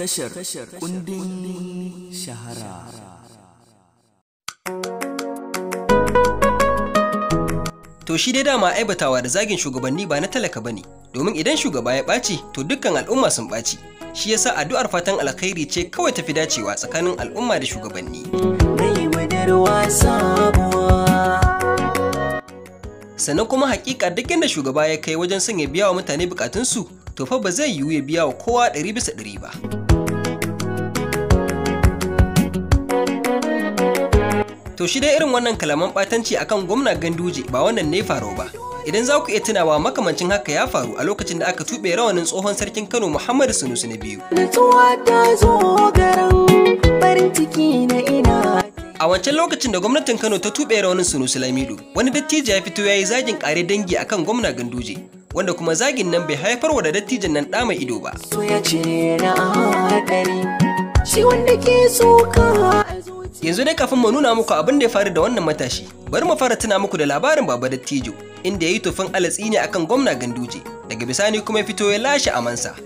tashar kundin shahara to shi dai dama aibatawa da zagin shugabanni ba na talaka bane domin idan shugaba ya ɓaci to dukkan al'umma sun ɓaci shi yasa addu'ar fatan alkhairi ce kawai tafi dacewa tsakanin al'umma da shugabanni sannan kuma hakika duk inda shugaba ya kai wajen sanya biya wa mutane bukatunsu to fa ba zai yiwu ya biya wa kowa ɗari bisa ɗari ba. To shi dai irin wannan kalaman ɓatanci akan gwamna Ganduje ba wannan ne faro ba. Idan za ku iya tunawa makamancin haka ya faru a lokacin da aka tuɓe rawanin tsohon sarkin Kano Muhammadu Sunusu na biyu. A wancan lokacin da gwamnatin Kano ta tuɓe rawanin Sunusu Lamido, wani dattijo ya fito ya yi zagin ƙare dangi akan gwamna Ganduje, wanda kuma zagin nan bai haifar wa da dattijan nan ɗa ido ba. wanda ke so Yanzu dai kafin mu nuna muku abin da ya faru da wannan matashi, bari mu fara tuna muku da labarin Baba Dattijo, inda ya yi tufin alatsi ne akan gwamna Ganduje, daga bisani kuma ya fito ya lashe amansa.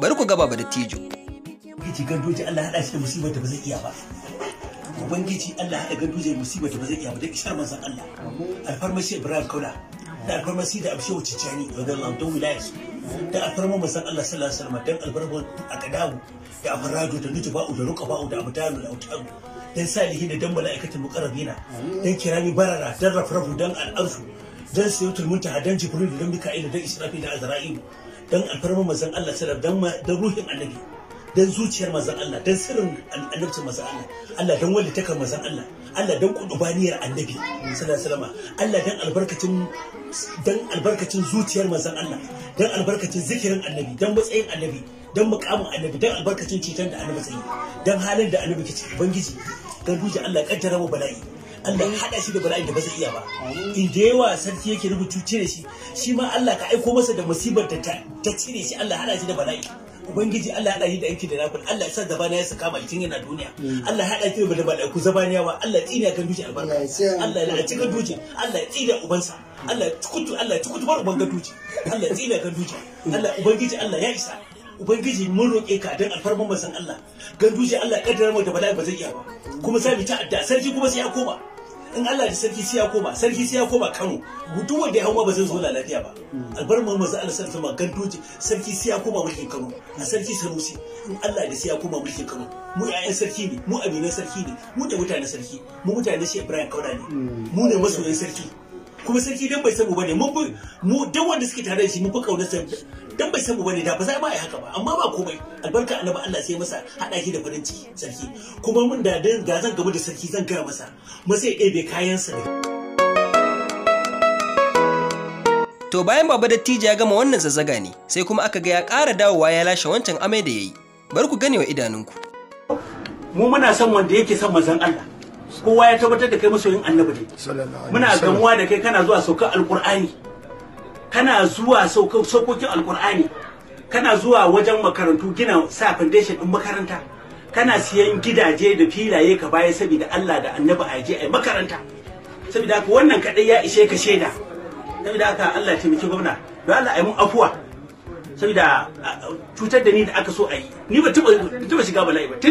Bari ku ga Baba Dattijo. gici Ganduje Allah haɗa shi da musibar da ba zai iya ba. Ubangiji Allah haɗa Ganduje da musibar da ba zai iya ba da kisar San Allah. Alfarmasi Ibrahim Kaula da alfarmasi da Abshehu Cicani da Allah don su. da alfarma masan Allah sallallahu alaihi wasallam dan alfarma akadabu da afaradu da nutuba'u da ruqaba'u da abdalu da autaru dan salihi da dan mala'ikatul muqarrabina dan kirami barara dan rafrafu dan al'arsu dan sayyidul muntaha dan jibril dan mika'il dan israfil da azra'il dan alfarma masan Allah sallallahu alaihi wasallam dan ruhin annabi dan zuciyar mazan Allah dan sirrin annabci mazan Allah Allah dan walitakar mazan Allah Allah dan kudubaniyar annabi sallallahu alaihi wasallam Allah dan albarkacin dan albarkacin zuciyar mazan Allah dan albarkacin zikirin annabi dan matsayin annabi dan mukamin annabi dan albarkacin ceton da annabi sai dan halin da annabi ke ciki ubangiji dan duje Allah kaddara mu bala'i Allah ya hada shi da bala'in da ba zai iya ba. In da yawa sarki yake rubutu cire shi, shi ma Allah ka aiko masa da musibar da ta cire shi Allah hada shi da bala'i. ubangiji Allah ya haɗa da yanki da nafil Allah ya sa zabaniya ya saka mai yana duniya Allah ya haɗa ki da ku zabaniya wa Allah ya tsine kan duje albarka Allah ya ci kan duje. Allah ya tsine ubansa Allah ya tukutu Allah ya tukutu bar uban duje. Allah ya tsine kan duci Allah ubangiji Allah ya isa ubangiji mun roƙe ka dan alfarman manzon Allah duje Allah kaddara mu da bala ba zai iya ba kuma sai mu ta adda sarki kuma sai ya koma in Allah da sarki siya koma sarki siya koma Kano duk wanda ya hawa ba zai zo da lafiya ba albar mu manzo Allah sarki ma gandoji sarki siya koma mulkin Kano na sarki Sanusi in Allah da siya koma mulkin Kano mu ƴaƴan sarki ne mu aminan sarki ne mu da mutanen sarki mu mutanen shi Ibrahim Kauda ne mu ne masoyan sarki kuma sarki dan bai samu bane mu mu duk wanda suke tare da shi mu fa kaunar dan bai san mu bane da ba za ma yi haka ba amma ba komai albarka annabi Allah sai masa hada shi da farin ciki sarki kuma mun da ga zan gaba da sarki zan gaya masa masa ya ɗebe kayan sa. To bayan baba dattijo ya gama wannan zazzaga ne, sai kuma aka ga ya kara dawowa ya lashe wancan amai da ya yi. ku gane wa idanunku. Mu muna son wanda yake son mazan Allah. Kowa ya tabbatar da kai masoyin annabi ne. Muna gamuwa da kai kana zuwa saukar alqur'ani kana zuwa saukokin alkur'ani kana zuwa wajen makarantu gina sa foundation din makaranta kana siyan gidaje da filaye ka baya saboda Allah da annabi a je a makaranta saboda haka wannan kadai ya ishe ka shaida saboda haka Allah taimaki gwamna don Allah a mun afuwa saboda cutar da ni da aka so a yi ni ba taba shiga bala'i ba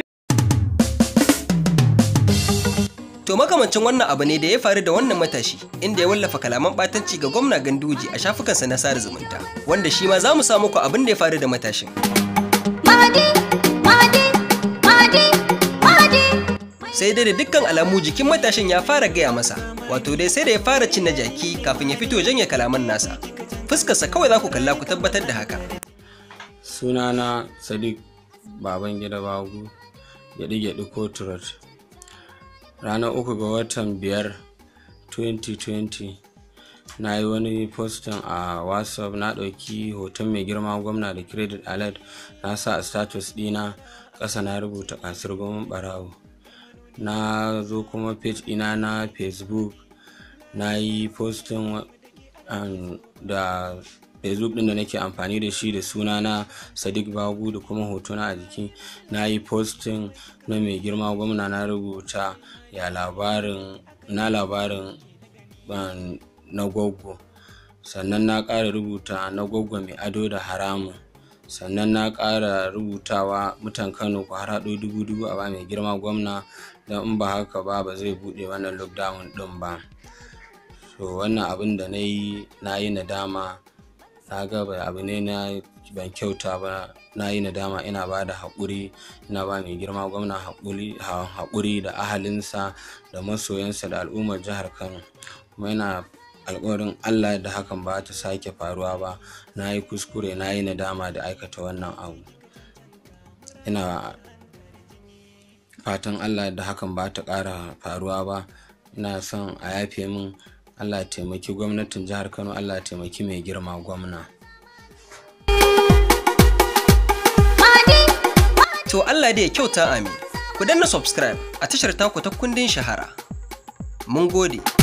To makamancin wannan abu ne da ya faru da wannan matashi inda ya wallafa kalaman ɓatanci ga gwamna Ganduji a shafukansa na sada zumunta wanda shi ma za mu samu ku abin da ya faru da matashin. Sai dai da dukkan alamu jikin matashin ya fara gaya masa wato dai sai da ya fara cin na jaki kafin ya fito janye kalaman nasa. Fuskarsa kawai za ku kalla ku tabbatar da haka. Sunana Sadiq Babangida Bagu, Gyaɗi-gyaɗi ko Turat. ranar uku ga watan biyar 2020 na yi wani postin a whatsapp na ɗauki hoton mai girma gwamna da credit alert na sa a status ɗina ƙasa na rubuta kasar gwamnan barawo na zo kuma page ina na facebook na yi postin um, da facebook din da nake amfani da shi da suna na sadiq babu da kuma hotuna a jiki na yi postin na mai girma gwamna na rubuta ya labarin na labarin na gwaggo sannan na ƙara rubuta na gwaggo mai ado da haramu sannan na ƙara rubutawa mutan kano ku har haɗo dubu dubu a ba mai girma gwamna don in ba haka ba ba zai buɗe wannan lockdown ɗin ba so wannan abin da na yi na yi nadama na ga ba abu ne na ban kyauta ba na yi nadama ina ba da haƙuri ina ba mai girma gwamna haƙuri da ahalinsa da masoyansa da al'ummar jihar kano kuma ina alƙawarin allah da hakan ba ta sake faruwa ba na yi kuskure na yi nadama da aikata wannan abu ina fatan allah da hakan ba ta ƙara faruwa ba ina son a yafe min allah ya taimaki gwamnatin jihar kano allah ya taimaki mai girma gwamna to allah da ya kyauta amin ku danna subscribe a tashar taku ta kundin shahara mun gode